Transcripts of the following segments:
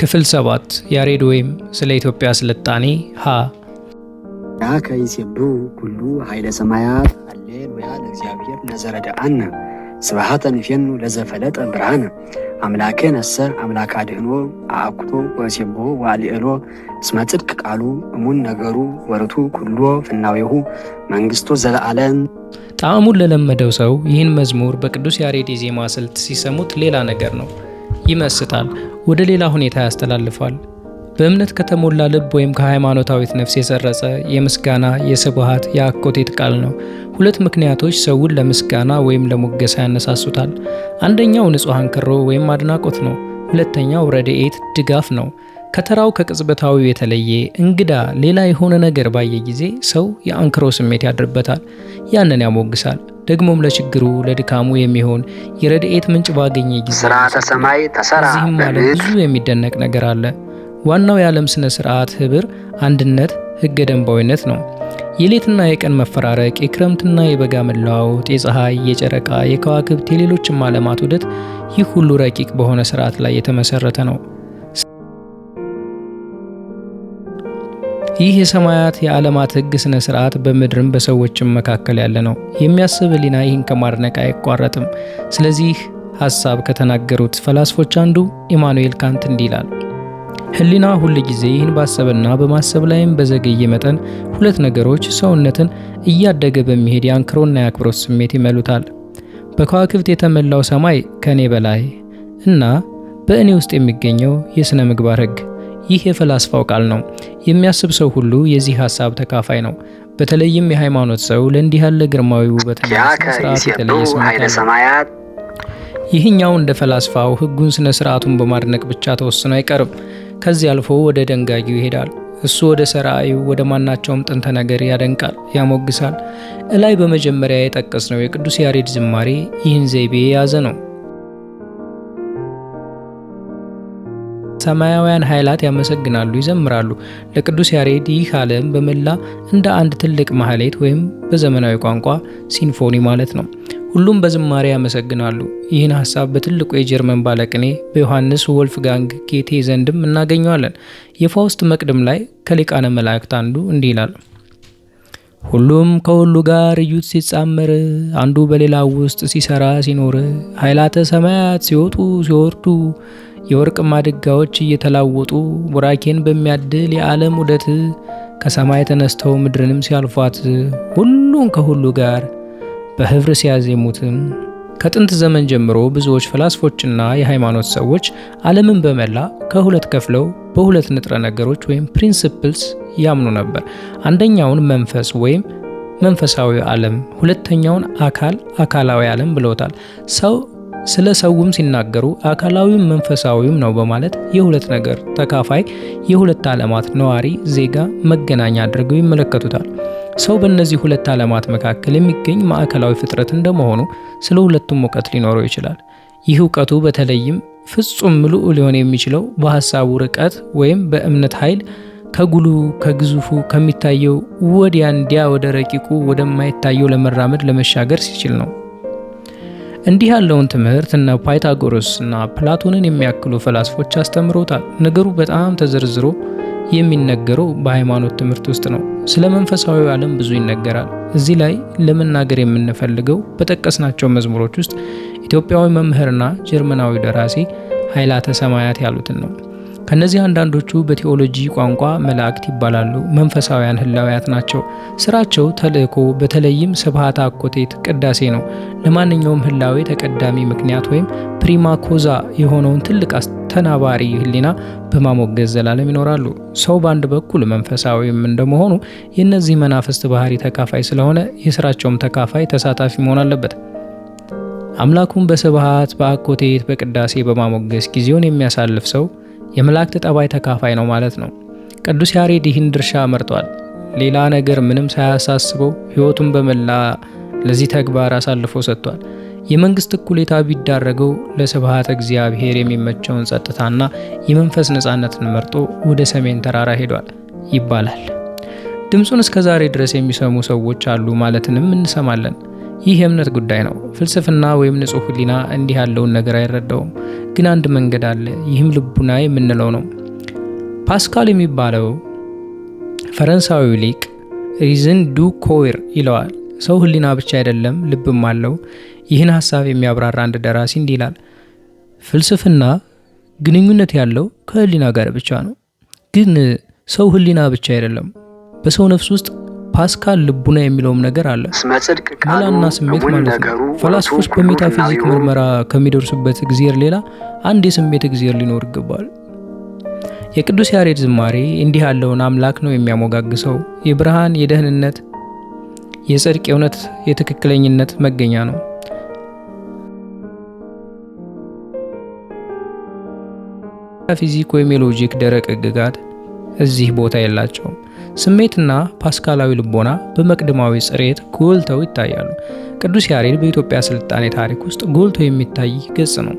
ክፍል ሰባት ያሬድ ወይም ስለ ኢትዮጵያ ስልጣኔ ሀ ያ ከይሴቡ ኩሉ ኃይለ ሰማያት አሌሉያ ለእግዚአብሔር ነዘረዳአነ ስብሐተ ንፌኑ ለዘፈለጠ ብርሃን አምላከ ነሰ አምላክ አድህኖ አአኩቶ ወሴቦ ዋልኤሎ እስመ ጽድቅ ቃሉ እሙን ነገሩ ወርቱ ኩሎ ፍናዌሁ መንግስቱ ዘለአለም። ጣዕሙን ለለመደው ሰው ይህን መዝሙር በቅዱስ ያሬድ የዜማ ስልት ሲሰሙት ሌላ ነገር ነው። ይመስታል፣ ወደ ሌላ ሁኔታ ያስተላልፋል። በእምነት ከተሞላ ልብ ወይም ከሃይማኖታዊት ነፍስ የሰረጸ የምስጋና የስብሃት የአኮቴት ቃል ነው። ሁለት ምክንያቶች ሰውን ለምስጋና ወይም ለሞገሳ ያነሳሱታል። አንደኛው ንጹሕ አንክሮ ወይም አድናቆት ነው። ሁለተኛው ረድኤት ድጋፍ ነው። ከተራው ከቅጽበታዊ የተለየ እንግዳ ሌላ የሆነ ነገር ባየ ጊዜ ሰው የአንክሮ ስሜት ያድርበታል፣ ያንን ያሞግሳል። ደግሞም ለችግሩ ለድካሙ የሚሆን የረድኤት ምንጭ ባገኘ ጊዜ ስርዓተ ሰማይ ተሰራ። እዚህም ማለት ብዙ የሚደነቅ ነገር አለ። ዋናው የዓለም ስነ ስርዓት ህብር፣ አንድነት፣ ህገ ደንባዊነት ነው። የሌትና የቀን መፈራረቅ፣ የክረምትና የበጋ መለዋወጥ፣ የፀሐይ፣ የጨረቃ፣ የከዋክብት፣ የሌሎችም ዓለማት ውደት፣ ይህ ሁሉ ረቂቅ በሆነ ስርዓት ላይ የተመሰረተ ነው። ይህ የሰማያት የዓለማት ሕግ ስነ ስርዓት በምድርም በሰዎችም መካከል ያለ ነው። የሚያስብ ሕሊና ይህን ከማድነቅ አይቋረጥም። ስለዚህ ሀሳብ ከተናገሩት ፈላስፎች አንዱ ኢማኑኤል ካንት እንዲህ ይላል ሕሊና ሁል ጊዜ ይህን ባሰበና በማሰብ ላይም በዘገየ መጠን ሁለት ነገሮች ሰውነትን እያደገ በሚሄድ የአንክሮና የአክብሮት ስሜት ይመሉታል። በከዋክብት የተሞላው ሰማይ ከእኔ በላይ እና በእኔ ውስጥ የሚገኘው የሥነ ምግባር ሕግ ይህ የፈላስፋው ቃል ነው። የሚያስብ ሰው ሁሉ የዚህ ሀሳብ ተካፋይ ነው። በተለይም የሃይማኖት ሰው ለእንዲህ ያለ ግርማዊ ውበትና ስርዓት የተለየ ስሜት ይህኛው እንደ ፈላስፋው ህጉን ስነ ስርዓቱን በማድነቅ ብቻ ተወስኖ አይቀርም። ከዚህ አልፎ ወደ ደንጋጊው ይሄዳል። እሱ ወደ ሰራዩ ወደ ማናቸውም ጥንተ ነገር ያደንቃል፣ ያሞግሳል። እላይ በመጀመሪያ የጠቀስነው የቅዱስ ያሬድ ዝማሬ ይህን ዘይቤ የያዘ ነው። ሰማያውያን ኃይላት ያመሰግናሉ፣ ይዘምራሉ። ለቅዱስ ያሬድ ይህ ዓለም በመላ እንደ አንድ ትልቅ ማህሌት ወይም በዘመናዊ ቋንቋ ሲንፎኒ ማለት ነው። ሁሉም በዝማሬ ያመሰግናሉ። ይህን ሀሳብ በትልቁ የጀርመን ባለቅኔ በዮሐንስ ወልፍጋንግ ጌቴ ዘንድም እናገኘዋለን። የፋውስት መቅድም ላይ ከሊቃነ መላእክት አንዱ እንዲህ ይላል። ሁሉም ከሁሉ ጋር እዩት ሲጻመር፣ አንዱ በሌላው ውስጥ ሲሰራ ሲኖር፣ ኃይላተ ሰማያት ሲወጡ ሲወርዱ የወርቅ ማድጋዎች እየተላወጡ ቡራኬን በሚያድል የዓለም ውደት ከሰማይ ተነስተው ምድርንም ሲያልፏት ሁሉን ከሁሉ ጋር በህብር ሲያዜሙት ከጥንት ዘመን ጀምሮ ብዙዎች ፈላስፎችና የሃይማኖት ሰዎች ዓለምን በመላ ከሁለት ከፍለው በሁለት ንጥረ ነገሮች ወይም ፕሪንስፕልስ ያምኑ ነበር። አንደኛውን መንፈስ ወይም መንፈሳዊ ዓለም፣ ሁለተኛውን አካል አካላዊ ዓለም ብለውታል። ሰው ስለ ሰውም ሲናገሩ አካላዊም መንፈሳዊም ነው በማለት የሁለት ነገር ተካፋይ፣ የሁለት ዓለማት ነዋሪ፣ ዜጋ፣ መገናኛ አድርገው ይመለከቱታል። ሰው በእነዚህ ሁለት ዓለማት መካከል የሚገኝ ማዕከላዊ ፍጥረት እንደመሆኑ ስለ ሁለቱም እውቀት ሊኖረው ይችላል። ይህ እውቀቱ በተለይም ፍጹም ምሉእ ሊሆን የሚችለው በሀሳቡ ርቀት ወይም በእምነት ኃይል ከጉሉ ከግዙፉ ከሚታየው ወዲያ እንዲያ ወደ ረቂቁ ወደማይታየው ለመራመድ ለመሻገር ሲችል ነው። እንዲህ ያለውን ትምህርት እነ ፓይታጎረስ እና ፕላቶንን የሚያክሉ ፈላስፎች አስተምሮታል። ነገሩ በጣም ተዘርዝሮ የሚነገረው በሃይማኖት ትምህርት ውስጥ ነው። ስለ መንፈሳዊ ዓለም ብዙ ይነገራል። እዚህ ላይ ለመናገር የምንፈልገው በጠቀስናቸው መዝሙሮች ውስጥ ኢትዮጵያዊ መምህርና ጀርመናዊ ደራሲ ኃይላተ ሰማያት ያሉትን ነው። ከእነዚህ አንዳንዶቹ በቴዎሎጂ ቋንቋ መላእክት ይባላሉ። መንፈሳውያን ህላውያት ናቸው። ስራቸው ተልእኮ፣ በተለይም ስብሐተ አኮቴት ቅዳሴ ነው። ለማንኛውም ህላዊ ተቀዳሚ ምክንያት ወይም ፕሪማ ኮዛ የሆነውን ትልቅ አስተናባሪ ህሊና በማሞገዝ ዘላለም ይኖራሉ። ሰው በአንድ በኩል መንፈሳዊም እንደመሆኑ የእነዚህ መናፍስት ባህሪ ተካፋይ ስለሆነ የስራቸውም ተካፋይ ተሳታፊ መሆን አለበት። አምላኩን በስብሐት በአኮቴት በቅዳሴ በማሞገስ ጊዜውን የሚያሳልፍ ሰው የመላእክት ጠባይ ተካፋይ ነው ማለት ነው። ቅዱስ ያሬድ ይህን ድርሻ መርጧል። ሌላ ነገር ምንም ሳያሳስበው ሕይወቱን በመላ ለዚህ ተግባር አሳልፎ ሰጥቷል። የመንግስት እኩሌታ ቢዳረገው ለስብሃት እግዚአብሔር የሚመቸውን ጸጥታና የመንፈስ ነጻነትን መርጦ ወደ ሰሜን ተራራ ሄዷል ይባላል። ድምፁን እስከ ዛሬ ድረስ የሚሰሙ ሰዎች አሉ ማለትንም እንሰማለን። ይህ የእምነት ጉዳይ ነው። ፍልስፍና ወይም ንጹህ ህሊና እንዲህ ያለውን ነገር አይረዳውም። ግን አንድ መንገድ አለ። ይህም ልቡና የምንለው ነው። ፓስካል የሚባለው ፈረንሳዊ ሊቅ ሪዝን ዱ ኮዌር ይለዋል። ሰው ህሊና ብቻ አይደለም፣ ልብም አለው። ይህን ሀሳብ የሚያብራራ አንድ ደራሲ እንዲህ ይላል። ፍልስፍና ግንኙነት ያለው ከህሊና ጋር ብቻ ነው። ግን ሰው ህሊና ብቻ አይደለም፣ በሰው ነፍስ ውስጥ ፓስካል ልቡና የሚለውም ነገር አለ። መላና ስሜት ማለት ነው። ፈላስፎች በሜታፊዚክ ምርመራ ከሚደርሱበት እግዜር ሌላ አንድ የስሜት እግዜር ሊኖር ይገባል። የቅዱስ ያሬድ ዝማሬ እንዲህ ያለውን አምላክ ነው የሚያሞጋግሰው። የብርሃን፣ የደህንነት፣ የጽድቅ፣ የእውነት፣ የትክክለኝነት መገኛ ነው። ፊዚክ ወይም የሎጂክ ደረቅ ህግጋት እዚህ ቦታ የላቸውም። ስሜትና ፓስካላዊ ልቦና በመቅደማዊ ጽሬት ጎልተው ይታያሉ። ቅዱስ ያሬድ በኢትዮጵያ ስልጣኔ ታሪክ ውስጥ ጎልቶ የሚታይ ገጽ ነው።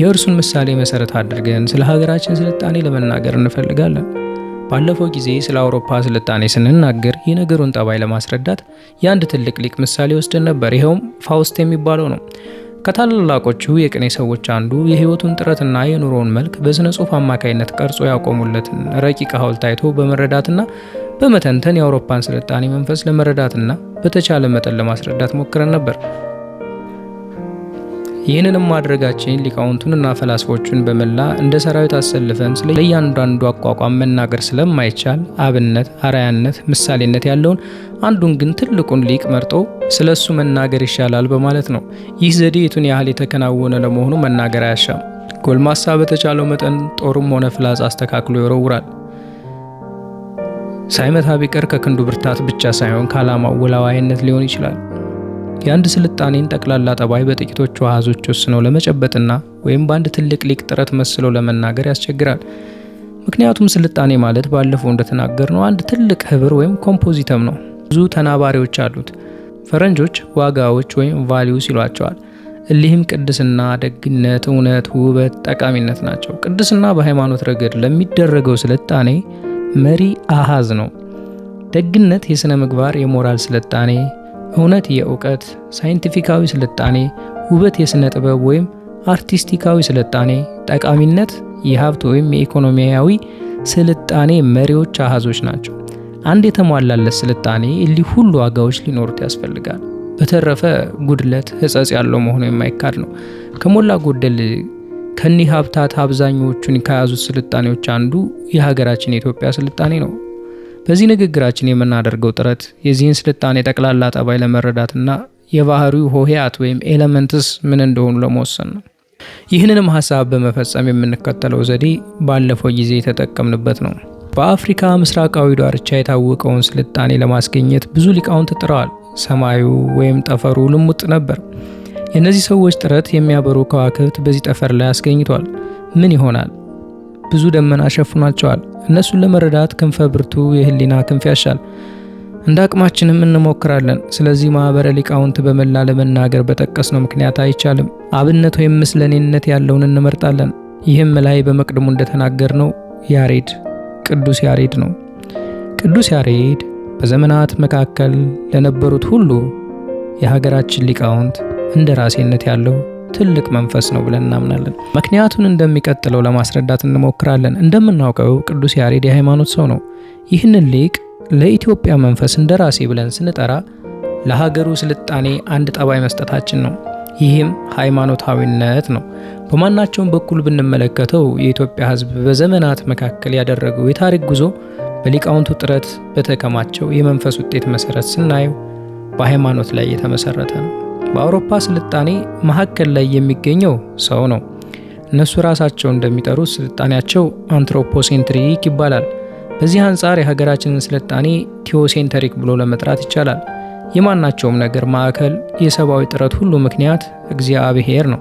የእርሱን ምሳሌ መሰረት አድርገን ስለ ሀገራችን ስልጣኔ ለመናገር እንፈልጋለን። ባለፈው ጊዜ ስለ አውሮፓ ስልጣኔ ስንናገር የነገሩን ጠባይ ለማስረዳት የአንድ ትልቅ ሊቅ ምሳሌ ወስደን ነበር። ይኸውም ፋውስት የሚባለው ነው። ከታላላቆቹ የቅኔ ሰዎች አንዱ የህይወቱን ጥረትና የኑሮውን መልክ በሥነ ጽሑፍ አማካይነት ቀርጾ ያቆሙለትን ረቂቅ ሐውልት አይቶ በመረዳትና በመተንተን የአውሮፓን ስልጣኔ መንፈስ ለመረዳትና በተቻለ መጠን ለማስረዳት ሞክረን ነበር። ይህንንም ማድረጋችን ሊቃውንቱንና ፈላስፎቹን በመላ እንደ ሰራዊት አሰልፈን ስለ እያንዳንዱ አቋቋም መናገር ስለማይቻል አብነት፣ አርአያነት፣ ምሳሌነት ያለውን አንዱን ግን ትልቁን ሊቅ መርጦ ስለ እሱ መናገር ይሻላል በማለት ነው። ይህ ዘዴ የቱን ያህል የተከናወነ ለመሆኑ መናገር አያሻም። ጎልማሳ በተቻለው መጠን ጦርም ሆነ ፍላጻ አስተካክሎ ይወረውራል። ሳይመታ ቢቀር ከክንዱ ብርታት ብቻ ሳይሆን ከዓላማው ውላዋይነት ሊሆን ይችላል። የአንድ ስልጣኔን ጠቅላላ ጠባይ በጥቂቶቹ አሃዞች ወስኖ ለመጨበጥና ወይም በአንድ ትልቅ ሊቅ ጥረት መስሎ ለመናገር ያስቸግራል። ምክንያቱም ስልጣኔ ማለት ባለፈው እንደተናገር ነው አንድ ትልቅ ህብር ወይም ኮምፖዚተም ነው። ብዙ ተናባሪዎች አሉት። ፈረንጆች ዋጋዎች ወይም ቫሊዩስ ይሏቸዋል። እሊህም ቅድስና፣ ደግነት፣ እውነት፣ ውበት፣ ጠቃሚነት ናቸው። ቅድስና በሃይማኖት ረገድ ለሚደረገው ስልጣኔ መሪ አሃዝ ነው። ደግነት የሥነ ምግባር የሞራል ስልጣኔ እውነት የእውቀት ሳይንቲፊካዊ ስልጣኔ፣ ውበት የሥነ ጥበብ ወይም አርቲስቲካዊ ስልጣኔ፣ ጠቃሚነት የሀብት ወይም የኢኮኖሚያዊ ስልጣኔ መሪዎች አሃዞች ናቸው። አንድ የተሟላለት ስልጣኔ እሊህ ሁሉ ዋጋዎች ሊኖሩት ያስፈልጋል። በተረፈ ጉድለት ሕጸጽ ያለው መሆኑ የማይካድ ነው። ከሞላ ጎደል ከኒህ ሀብታት አብዛኞቹን ከያዙት ስልጣኔዎች አንዱ የሀገራችን የኢትዮጵያ ስልጣኔ ነው። በዚህ ንግግራችን የምናደርገው ጥረት የዚህን ስልጣኔ ጠቅላላ ጠባይ ለመረዳትና የባህሪው ሆሄያት ወይም ኤለመንትስ ምን እንደሆኑ ለመወሰን ነው። ይህንንም ሀሳብ በመፈጸም የምንከተለው ዘዴ ባለፈው ጊዜ የተጠቀምንበት ነው። በአፍሪካ ምስራቃዊ ዳርቻ የታወቀውን ስልጣኔ ለማስገኘት ብዙ ሊቃውንት ጥረዋል። ሰማዩ ወይም ጠፈሩ ልሙጥ ነበር። የእነዚህ ሰዎች ጥረት የሚያበሩ ከዋክብት በዚህ ጠፈር ላይ አስገኝቷል። ምን ይሆናል? ብዙ ደመና ሸፍኗቸዋል። እነሱን ለመረዳት ክንፈ ብርቱ የህሊና ክንፍ ያሻል። እንደ አቅማችንም እንሞክራለን። ስለዚህ ማህበረ ሊቃውንት በመላ ለመናገር በጠቀስነው ምክንያት አይቻልም። አብነት ወይም ምስለኔነት ያለውን እንመርጣለን። ይህም ላይ በመቅድሙ እንደተናገር ነው ያሬድ ቅዱስ ያሬድ ነው። ቅዱስ ያሬድ በዘመናት መካከል ለነበሩት ሁሉ የሀገራችን ሊቃውንት እንደ ራሴነት ያለው ትልቅ መንፈስ ነው ብለን እናምናለን። ምክንያቱን እንደሚቀጥለው ለማስረዳት እንሞክራለን። እንደምናውቀው ቅዱስ ያሬድ የሃይማኖት ሰው ነው። ይህንን ሊቅ ለኢትዮጵያ መንፈስ እንደራሴ ብለን ስንጠራ ለሀገሩ ስልጣኔ አንድ ጠባይ መስጠታችን ነው። ይህም ሃይማኖታዊነት ነው። በማናቸውም በኩል ብንመለከተው የኢትዮጵያ ሕዝብ በዘመናት መካከል ያደረገው የታሪክ ጉዞ በሊቃውንቱ ጥረት በተከማቸው የመንፈስ ውጤት መሰረት ስናየው በሃይማኖት ላይ የተመሰረተ ነው። በአውሮፓ ስልጣኔ መሀከል ላይ የሚገኘው ሰው ነው። እነሱ ራሳቸው እንደሚጠሩት ስልጣኔያቸው አንትሮፖሴንትሪክ ይባላል። በዚህ አንጻር የሀገራችንን ስልጣኔ ቴዎሴንተሪክ ብሎ ለመጥራት ይቻላል። የማናቸውም ነገር ማዕከል፣ የሰብአዊ ጥረት ሁሉ ምክንያት እግዚአብሔር ነው።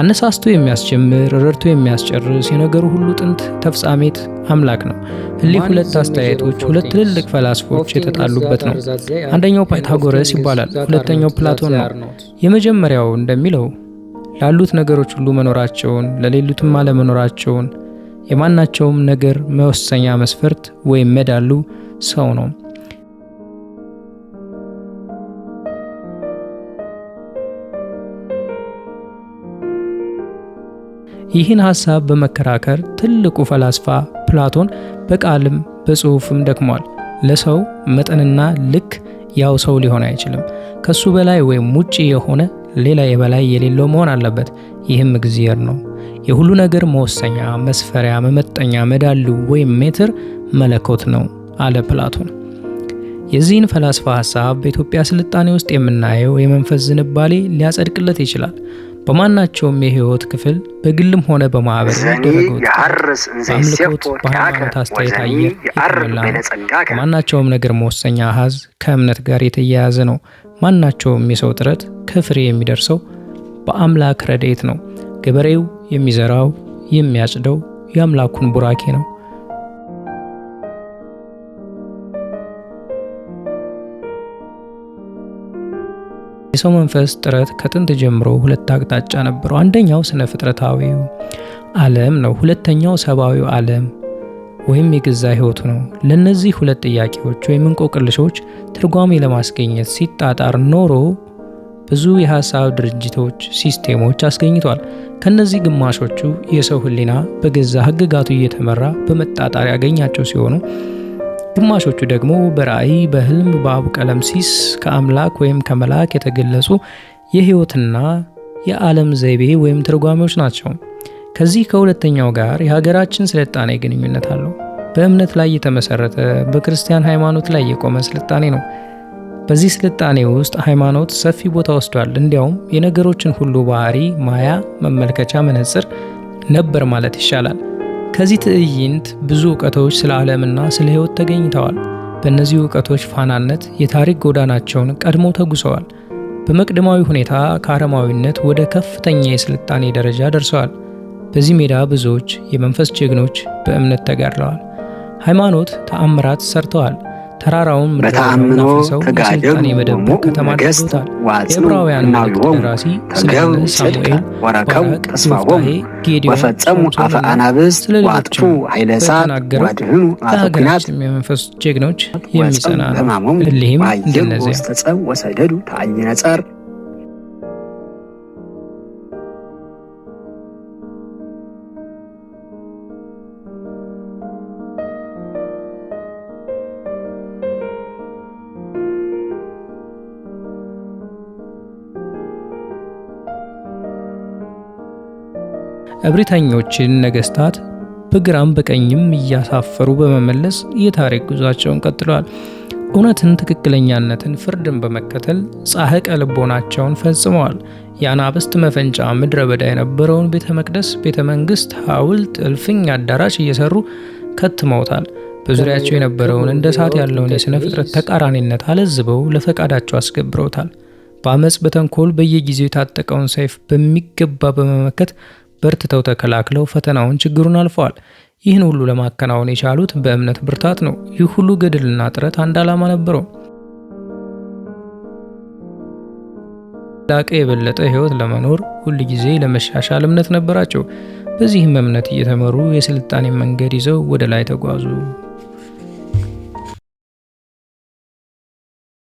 አነሳስቶ የሚያስጀምር ረድቶ የሚያስጨርስ የነገሩ ሁሉ ጥንት ተፍጻሜት አምላክ ነው። እሊህ ሁለት አስተያየቶች ሁለት ትልልቅ ፈላስፎች የተጣሉበት ነው። አንደኛው ፓይታጎረስ ይባላል፣ ሁለተኛው ፕላቶን ነው። የመጀመሪያው እንደሚለው ላሉት ነገሮች ሁሉ መኖራቸውን ለሌሉትም አለመኖራቸውን የማናቸውም ነገር መወሰኛ መስፈርት ወይም መዳሉ ሰው ነው። ይህን ሐሳብ በመከራከር ትልቁ ፈላስፋ ፕላቶን በቃልም በጽሑፍም ደክሟል። ለሰው መጠንና ልክ ያው ሰው ሊሆን አይችልም። ከሱ በላይ ወይም ውጪ የሆነ ሌላ የበላይ የሌለው መሆን አለበት። ይህም እግዚአብሔር ነው። የሁሉ ነገር መወሰኛ፣ መስፈሪያ፣ መመጠኛ፣ መዳሉ ወይም ሜትር መለኮት ነው አለ ፕላቶን። የዚህን ፈላስፋ ሐሳብ በኢትዮጵያ ስልጣኔ ውስጥ የምናየው የመንፈስ ዝንባሌ ሊያጸድቅለት ይችላል። በማናቸውም የህይወት ክፍል በግልም ሆነ በማህበር አምልኮት በሃይማኖት አስተያየት አየር የተሞላ ነው። በማናቸውም ነገር መወሰኛ አሃዝ ከእምነት ጋር የተያያዘ ነው። ማናቸውም የሰው ጥረት ከፍሬ የሚደርሰው በአምላክ ረድኤት ነው። ገበሬው የሚዘራው የሚያጭደው የአምላኩን ቡራኬ ነው። የሰው መንፈስ ጥረት ከጥንት ጀምሮ ሁለት አቅጣጫ ነበረው። አንደኛው ስነ ፍጥረታዊው ዓለም ነው። ሁለተኛው ሰብአዊው ዓለም ወይም የገዛ ህይወቱ ነው። ለነዚህ ሁለት ጥያቄዎች ወይም እንቆቅልሾች ትርጓሜ ለማስገኘት ሲጣጣር ኖሮ ብዙ የሀሳብ ድርጅቶች፣ ሲስቴሞች አስገኝቷል። ከነዚህ ግማሾቹ የሰው ህሊና በገዛ ህግጋቱ እየተመራ በመጣጣር ያገኛቸው ሲሆኑ ግማሾቹ ደግሞ በራእይ በህልም ቀለምሲስ ከአምላክ ወይም ከመልአክ የተገለጹ የህይወትና የዓለም ዘይቤ ወይም ትርጓሚዎች ናቸው። ከዚህ ከሁለተኛው ጋር የሀገራችን ስልጣኔ ግንኙነት አለው። በእምነት ላይ የተመሰረተ በክርስቲያን ሃይማኖት ላይ የቆመ ስልጣኔ ነው። በዚህ ስልጣኔ ውስጥ ሃይማኖት ሰፊ ቦታ ወስዷል። እንዲያውም የነገሮችን ሁሉ ባህሪ ማያ፣ መመልከቻ፣ መነጽር ነበር ማለት ይሻላል። ከዚህ ትዕይንት ብዙ እውቀቶች ስለ ዓለምና ስለ ሕይወት ተገኝተዋል። በእነዚህ እውቀቶች ፋናነት የታሪክ ጎዳናቸውን ቀድሞ ተጉሰዋል። በመቅደማዊ ሁኔታ ከአረማዊነት ወደ ከፍተኛ የስልጣኔ ደረጃ ደርሰዋል። በዚህ ሜዳ ብዙዎች የመንፈስ ጀግኖች በእምነት ተጋድለዋል። ሃይማኖት ተአምራት ሰርተዋል። ተራራውን በተአምኖ ተጋደሉ ነገሥት ዋጽኑ ናዊሆሙ ከገብሩ ጽድቀ ወረከቡ ተስፋሆሙ ወፈጸሙ አፈ አናብስት ዋጥፉ ኃይለሳ እሳት ወድህኑ የመንፈስ ጀግኖች የሚጸና ነው። እንደነዚያ ውስተ ጸብ ወሰደዱ ተአኝነ ጸር እብሪተኞችን ነገስታት በግራም በቀኝም እያሳፈሩ በመመለስ የታሪክ ጉዟቸውን ቀጥለዋል። እውነትን፣ ትክክለኛነትን፣ ፍርድን በመከተል ጻሕቀ ልቦናቸውን ፈጽመዋል። የአናብስት መፈንጫ ምድረ በዳ የነበረውን ቤተ መቅደስ፣ ቤተ መንግስት፣ ሐውልት፣ እልፍኝ አዳራሽ እየሰሩ ከትመውታል። በዙሪያቸው የነበረውን እንደ እሳት ያለውን የሥነ ፍጥረት ተቃራኒነት አለዝበው ለፈቃዳቸው አስገብረውታል። በአመፅ በተንኮል በየጊዜው የታጠቀውን ሰይፍ በሚገባ በመመከት በርትተው ተከላክለው ፈተናውን፣ ችግሩን አልፈዋል። ይህን ሁሉ ለማከናወን የቻሉት በእምነት ብርታት ነው። ይህ ሁሉ ገድልና ጥረት አንድ ዓላማ ነበረው፤ ላቀ የበለጠ ህይወት ለመኖር ሁል ጊዜ ለመሻሻል እምነት ነበራቸው። በዚህም እምነት እየተመሩ የስልጣኔ መንገድ ይዘው ወደ ላይ ተጓዙ።